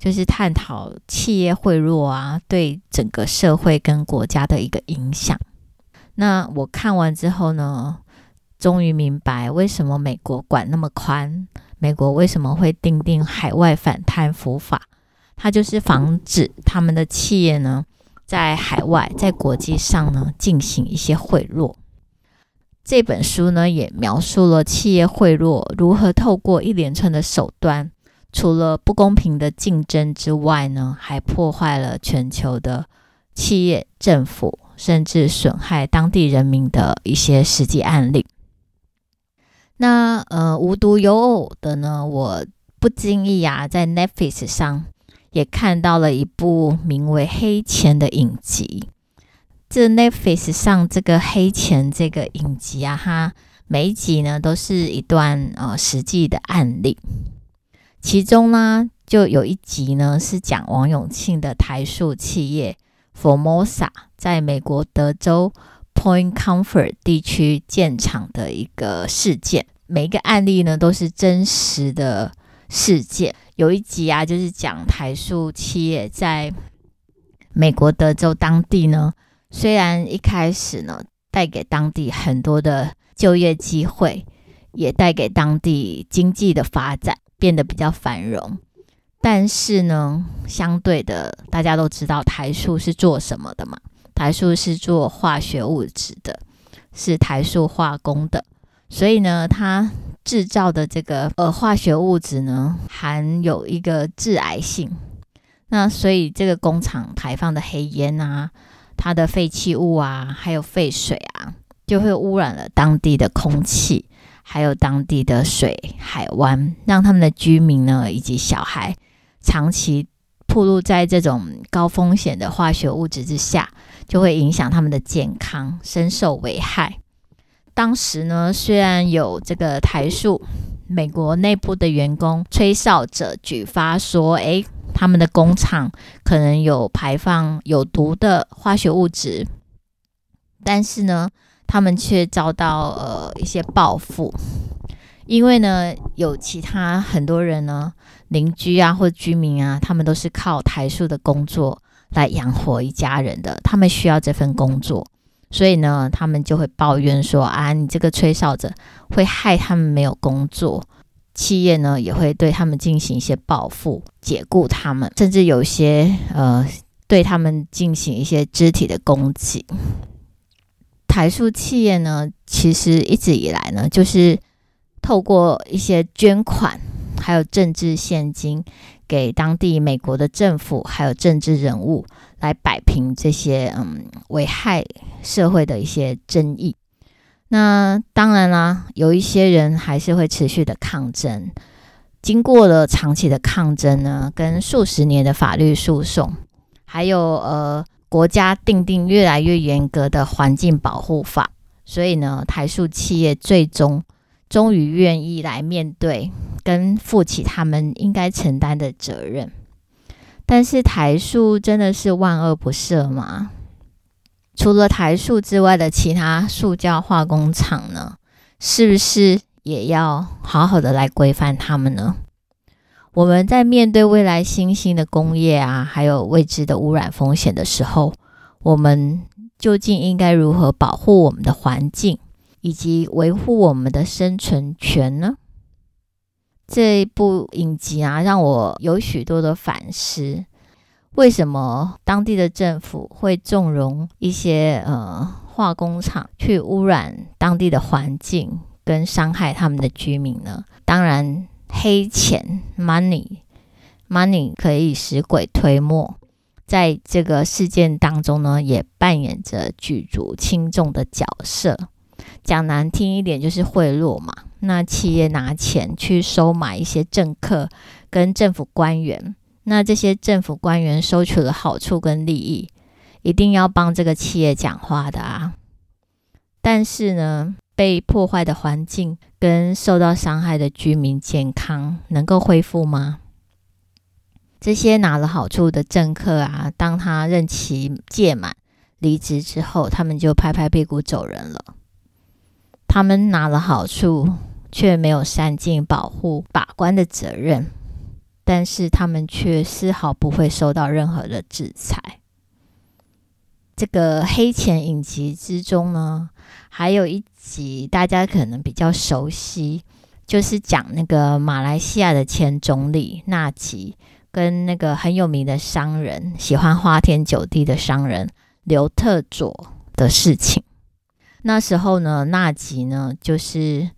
就是探討企業賄賂啊，對整個社會跟國家的一個影響。那我看完之後呢，終於明白為什麼美國管那麼寬，美國為什麼會訂定海外反貪腐法，它就是防止他們的企業呢在海外、在國際上呢進行一些賄賂。這本書呢也描述了企業賄賂如何透過一連串的手段。除了不公平的競爭之外呢，還破壞了全球的企業、政府，甚至損害當地人民的一些實際案例。那呃，無獨有偶的呢，我不經意啊，在 Netflix 上也看到了一部名為《黑錢》的影集。這 Netflix 上這個《黑錢》這個影集啊，哈，每一集呢都是一段呃實際的案例。其中呢，就有一集呢是講王永慶的台塑企業 Formosa 在美國德州 Point Comfort 地區建廠的一個事件。每一個案例呢都是真實的事件。有一集啊，就是講台塑企業在美國德州當地呢，雖然一開始呢帶給當地很多的就業機會，也帶給當地經濟的發展。變得比較繁榮，但是呢，相對的，大家都知道台塑是做什麼的嘛？台塑是做化學物質的，是台塑化工的，所以呢，它製造的這個呃化學物質呢，含有一個致癌性，那所以這個工廠排放的黑煙啊，它的廢棄物啊，還有廢水啊，就會污染了當地的空氣。還有當地的水海灣，讓他們的居民呢，以及小孩長期暴露在這種高風險的化學物質之下，就會影響他們的健康，深受危害。當時呢，雖然有這個台塑，美國內部的員工吹哨者舉發說，誒，他們的工廠可能有排放有毒的化學物質，但是呢，他們卻遭到呃一些報復，因為呢有其他很多人呢鄰居啊或居民啊，他們都是靠台塑的工作來養活一家人的，他們需要這份工作，所以呢他們就會抱怨說啊，你這個吹哨者會害他們沒有工作，企業呢也會對他們進行一些報復，解雇他們，甚至有些呃對他們進行一些肢體的攻擊。台塑企業呢，其實一直以來呢，就是透過一些捐款，還有政治獻金，給當地美國的政府還有政治人物，來擺平這些嗯危害社會的一些爭議。那當然啦，有一些人還是會持續的抗爭。經過了長期的抗爭呢，跟數十年的法律訴訟，還有呃。國家訂定越來越嚴格的環境保護法，所以呢，台塑企業最終終於願意來面對跟負起他們應該承擔的責任。但是台塑真的是萬惡不赦嗎？除了台塑之外的其他塑膠化工廠呢，是不是也要好好的來規範他們呢？我們在面對未來新興的工業啊，還有未知的污染風險的時候，我們究竟應該如何保護我們的環境以及維護我們的生存權呢？這一部影集啊，讓我有許多的反思：為什麼當地的政府會縱容一些呃化工廠去污染當地的環境跟傷害他們的居民呢？當然。黑錢 money money 可以使鬼推磨，在這個事件當中呢，也扮演着舉足輕重的角色。講難聽一點，就是賄賂嘛。那企業拿錢去收買一些政客跟政府官員，那這些政府官員收取了好處跟利益，一定要幫這個企業講話的啊。但是呢，被破壞的環境跟受到傷害的居民健康能夠恢復嗎？這些拿了好處的政客啊，當他任期屆滿離職之後，他們就拍拍屁股走人了。他們拿了好處，卻沒有善盡保護把關的責任，但是他們卻絲毫不會受到任何的制裁。這個黑錢影集之中呢，還有一集大家可能比較熟悉，就是講那個馬來西亞的前總理納吉跟那個很有名的商人，喜歡花天酒地的商人劉特佐的事情。那時候呢，納吉呢就是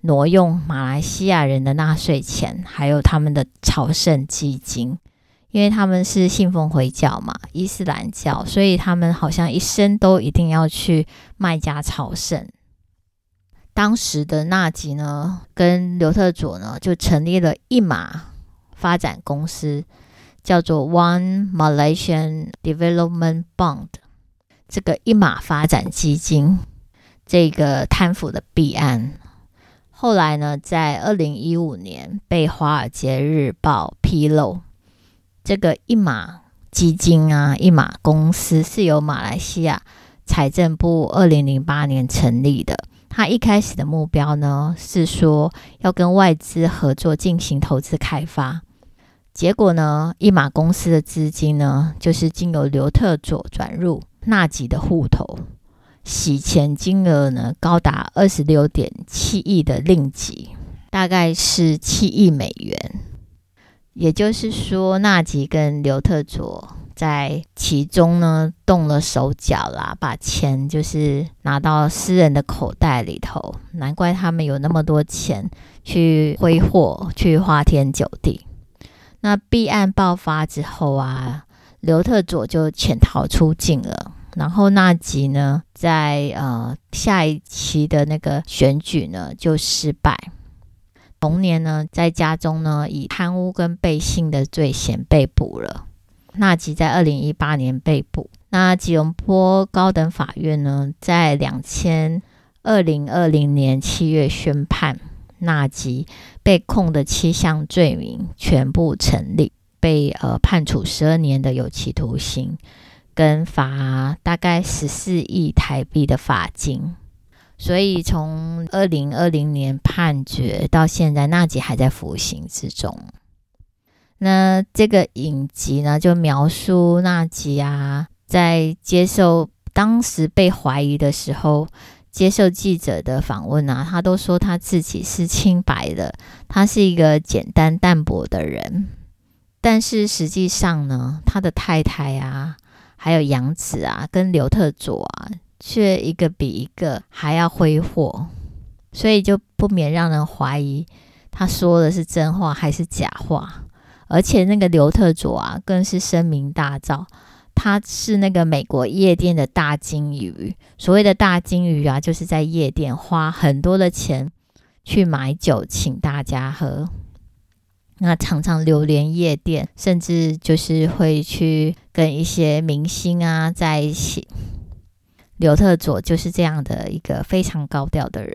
挪用馬來西亞人的納稅錢，還有他們的朝聖基金。因為他們是信奉回教嘛，伊斯蘭教，所以他們好像一生都一定要去麥加朝聖。當時的納吉呢，跟劉特佐呢，就成立了一馬發展公司，叫做 One Malaysian Development Bond，這個一馬發展基金，這個貪腐的弊案，後來呢，在二零一五年被《華爾街日報》披露。這個一馬基金啊，一馬公司是由馬來西亞財政部二零零八年成立的。它一開始的目標呢，是說要跟外資合作進行投資開發。結果呢，一馬公司的資金呢，就是經由劉特佐轉入納吉的戶頭，洗錢金額呢高達二十六點七億的令吉，大概是七億美元。也就是說，納吉跟劉特佐在其中呢動了手腳啦，把錢就是拿到私人的口袋裡頭，難怪他們有那麼多錢去揮霍、去花天酒地。那弊案爆發之後啊，劉特佐就潛逃出境了，然後納吉呢，在呃下一期的那個選舉呢就失敗。同年呢，在家中呢以貪污跟背信的罪嫌被捕了。納吉在二零一八年被捕。那吉隆坡高等法院呢在兩千二零二零年七月宣判，納吉被控的七項罪名全部成立，被呃判處十二年的有期徒刑，跟罰大概十四億台幣的罰金。所以，從二零二零年判決到現在，納吉還在服刑之中。那這個影集呢，就描述納吉啊，在接受當時被懷疑的時候，接受記者的訪問啊，他都說他自己是清白的，他是一個簡單淡薄的人。但是實際上呢，他的太太啊，還有楊子啊，跟劉特佐啊。卻一個比一個還要揮霍，所以就不免讓人懷疑他說的是真話還是假話。而且那個劉特佐啊，更是聲名大噪，他是那個美國夜店的大鯨魚。所謂的“大鯨魚”啊，就是在夜店花很多的錢去買酒請大家喝，那常常流連夜店，甚至就是會去跟一些明星啊在一起。劉特佐就是這樣的一個非常高調的人。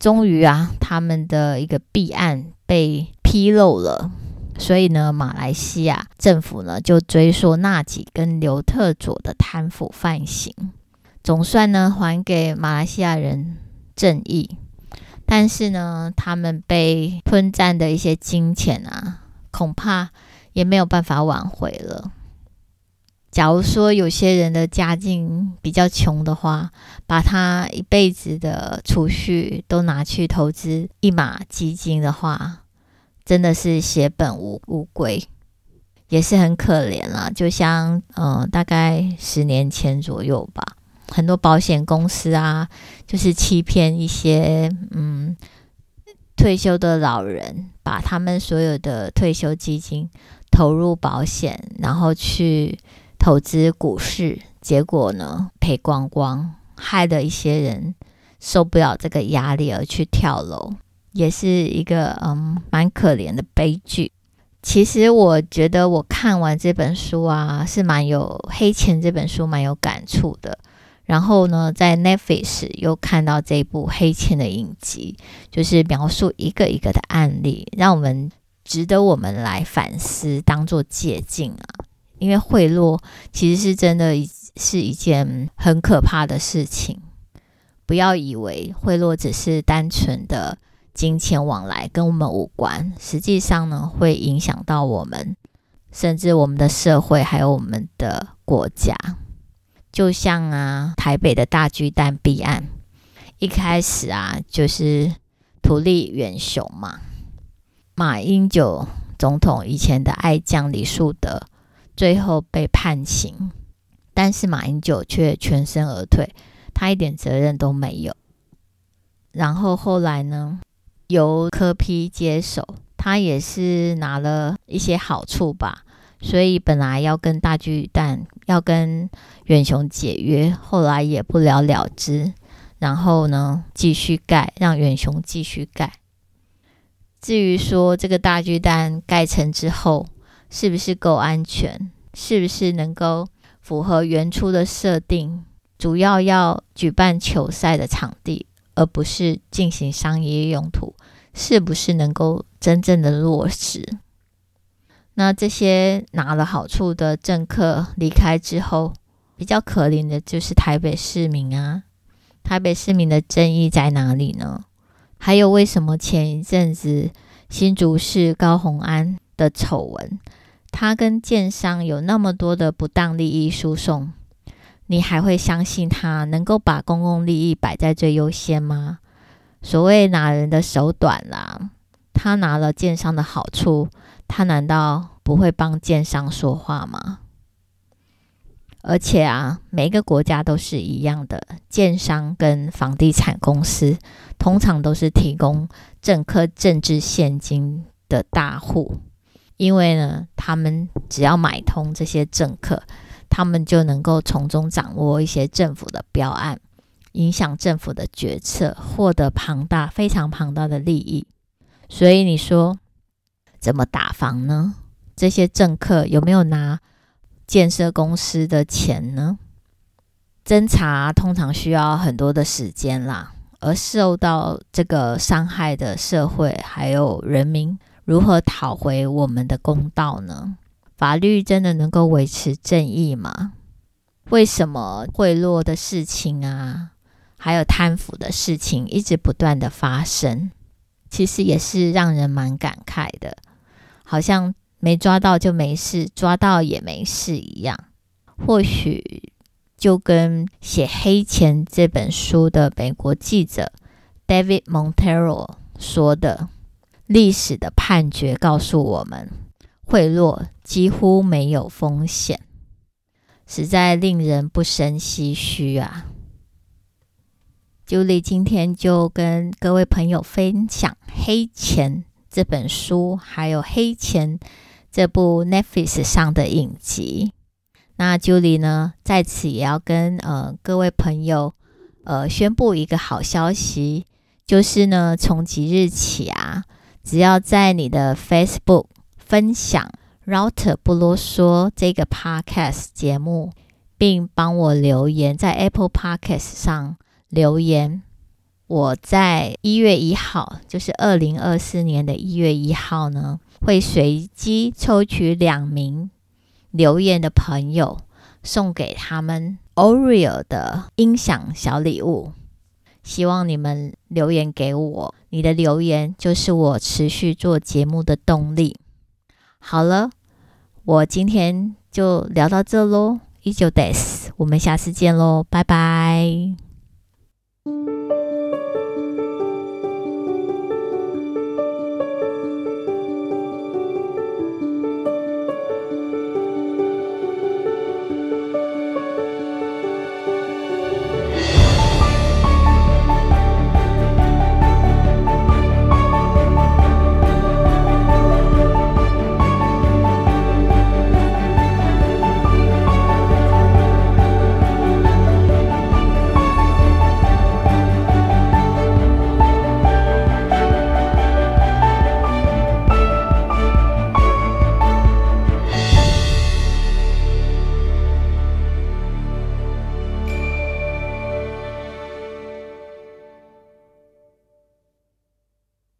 終於啊，他們的一個弊案被披露了，所以呢，馬來西亞政府呢就追訴納吉跟劉特佐的貪腐犯行，總算呢還給馬來西亞人正義。但是呢，他們被吞占的一些金錢啊，恐怕也沒有辦法挽迴了。假如說有些人的家境比較窮的話，把他一輩子的儲蓄都拿去投資一馬基金的話，真的是血本無無歸，也是很可憐了，啊。就像嗯、呃，大概十年前左右吧，很多保險公司啊，就是欺騙一些嗯退休的老人，把他們所有的退休基金投入保險，然後去，投資股市，結果呢，賠光光，害得一些人受不了這個壓力而去跳樓，也是一個嗯蠻可憐的悲劇。其實我覺得我看完這本書啊，是蠻有《黑錢》這本書蠻有感觸的。然後呢，在 Netflix 又看到這一部《黑錢》的影集，就是描述一個一個的案例，讓我們值得我們來反思，當做借鏡啊。因為賄賂其實是真的，是一件很可怕的事情。不要以為賄賂只是單純的金錢往來，跟我們無關。實際上呢，會影響到我們，甚至我們的社會，還有我們的國家。就像啊，台北的大巨蛋弊案，一開始啊，就是圖利遠雄嘛，馬英九總統以前的愛將李樹德。最後被判刑，但是馬英九卻全身而退，他一點責任都沒有。然後後來呢，由柯 P 接手，他也是拿了一些好處吧，所以本來要跟大巨蛋要跟遠雄解約，後來也不了了之。然後呢，繼續蓋，讓遠雄繼續蓋。至於說這個大巨蛋蓋成之後，是不是夠安全？是不是能夠符合原初的設定？主要要舉辦球賽的場地，而不是進行商業用途，是不是能夠真正的落實？那這些拿了好處的政客離開之後，比較可憐的就是台北市民啊！台北市民的正義在哪裡呢？還有為什麼前一陣子新竹市高虹安的醜聞？他跟建商有那麼多的不當利益輸送，你還會相信他能夠把公共利益擺在最優先嗎？所謂拿人的手短啦、啊，他拿了建商的好處，他難道不會幫建商說話嗎？而且啊，每一個國家都是一樣的，建商跟房地產公司通常都是提供政客政治現金的大戶。因為呢，他們只要買通這些政客，他們就能夠從中掌握一些政府的標案，影響政府的決策，獲得龐大、非常龐大的利益。所以你說怎麼打房呢？這些政客有沒有拿建設公司的錢呢？偵查通常需要很多的時間啦，而受到這個傷害的社會還有人民。如何討回我們的公道呢？法律真的能夠維持正義嗎？為什麼賄賂的事情啊，還有貪腐的事情一直不斷的發生？其實也是讓人蠻感慨的。好像沒抓到就沒事，抓到也沒事一樣。或許就跟寫《黑錢》這本書的美國記者 David Montero 說的。歷史的判決告訴我們，賄賂幾乎沒有風險，實在令人不勝唏噓啊！Julie 今天就跟各位朋友分享《黑錢》這本書，還有《黑錢》這部 Netflix 上的影集。那 Julie 呢，在此也要跟呃各位朋友呃宣布一個好消息，就是呢，從即日起啊。只要在你的 Facebook 分享 Router 不囉嗦這個 Podcast 節目，並幫我留言在 Apple Podcast 上留言，我在一月一號，就是二零二四年的一月一號呢，會隨機抽取兩名留言的朋友，送給他們 Oriol 的音響小禮物。希望你們留言給我，你的留言就是我持續做節目的動力。好了，我今天就聊到這嘍，依舊的，我們下次見嘍，拜拜。